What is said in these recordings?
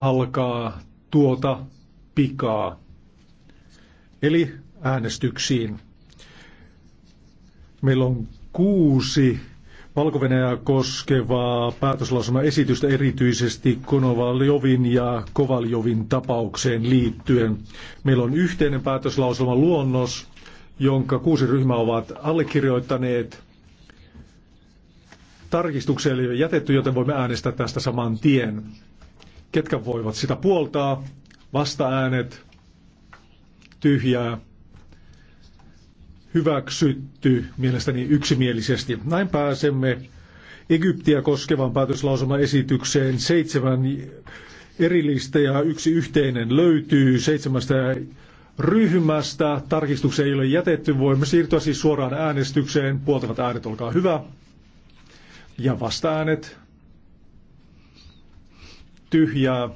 alkaa tuota pikaa. Eli äänestyksiin. Meillä on kuusi valko koskevaa Esitystä erityisesti Konovaljovin ja Kovaljovin tapaukseen liittyen. Meillä on yhteinen päätöslauselma luonnos, jonka kuusi ryhmää ovat allekirjoittaneet. Tarkistuksia ei ole jätetty, joten voimme äänestää tästä saman tien. Ketkä voivat sitä puoltaa? Vasta äänet, tyhjää, hyväksytty mielestäni yksimielisesti. Näin pääsemme Egyptiä koskevan esitykseen seitsemän erillistä ja yksi yhteinen löytyy seitsemästä ryhmästä. Tarkistuksia ei ole jätetty. Voimme siirtyä siis suoraan äänestykseen. Puoltavat äänet, olkaa hyvä. Ja vasta-äänet tyhjää.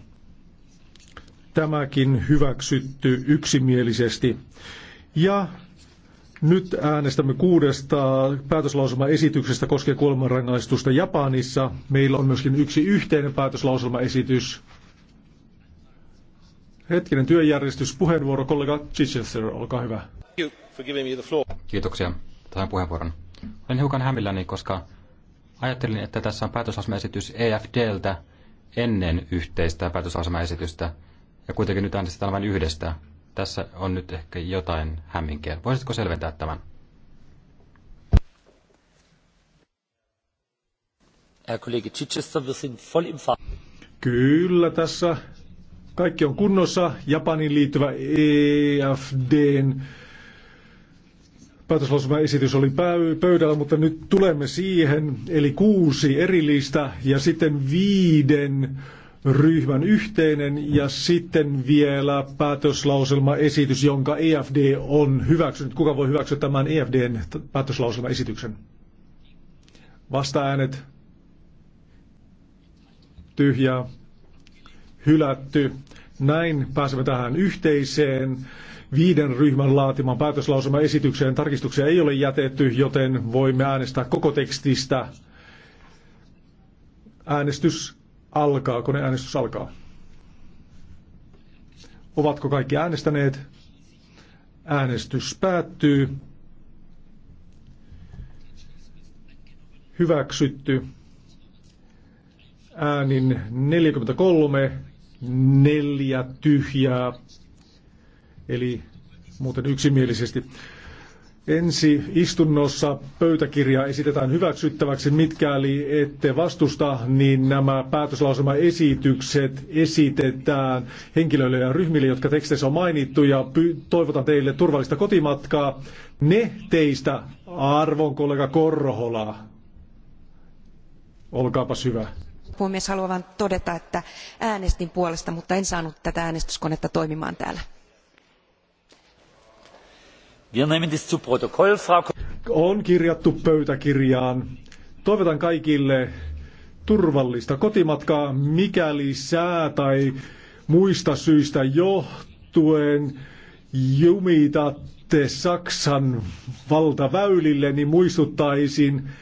Tämäkin hyväksytty yksimielisesti. Ja nyt äänestämme kuudesta päätöslauselmaesityksestä koskien kuolemanrangaistusta Japanissa. Meillä on myöskin yksi yhteinen päätöslauselmaesitys. Hetkinen työjärjestys, puheenvuoro kollega Chichester, olkaa hyvä. Kiitoksia. Tähän puheenvuoron. Olen hiukan hämilläni, koska ajattelin, että tässä on päätöslauselmaesitys EFDltä, ennen yhteistä päätösasemaesitystä, ja kuitenkin nyt äänestetään vain yhdestä. Tässä on nyt ehkä jotain hämminkiä. Voisitko selventää tämän? Kyllä tässä kaikki on kunnossa. Japanin liittyvä EFDn esitys oli pöydällä, mutta nyt tulemme siihen, eli kuusi erillistä ja sitten viiden ryhmän yhteinen ja sitten vielä päätöslauselmaesitys, jonka EFD on hyväksynyt. Kuka voi hyväksyä tämän EFDn päätöslauselmaesityksen? Vastaäänet. Tyhjää. Hylätty. Näin pääsemme tähän yhteiseen viiden ryhmän laatiman päätöslausumaesitykseen. Tarkistuksia ei ole jätetty, joten voimme äänestää koko tekstistä. Äänestys alkaa, kun äänestys alkaa. Ovatko kaikki äänestäneet? Äänestys päättyy. Hyväksytty. Äänin 43 neljä tyhjää, eli muuten yksimielisesti. Ensi istunnossa pöytäkirja esitetään hyväksyttäväksi, mitkäli ette vastusta, niin nämä päätöslausumaesitykset esitetään henkilöille ja ryhmille, jotka teksteissä on mainittu, ja toivotan teille turvallista kotimatkaa. Ne teistä, arvon kollega Korhola, olkaapas hyvä puhemies haluan vain todeta että äänestin puolesta mutta en saanut tätä äänestyskonetta toimimaan täällä. On kirjattu pöytäkirjaan. Toivotan kaikille turvallista kotimatkaa, mikäli sää tai muista syistä johtuen jumitatte Saksan valtaväylille, niin muistuttaisin,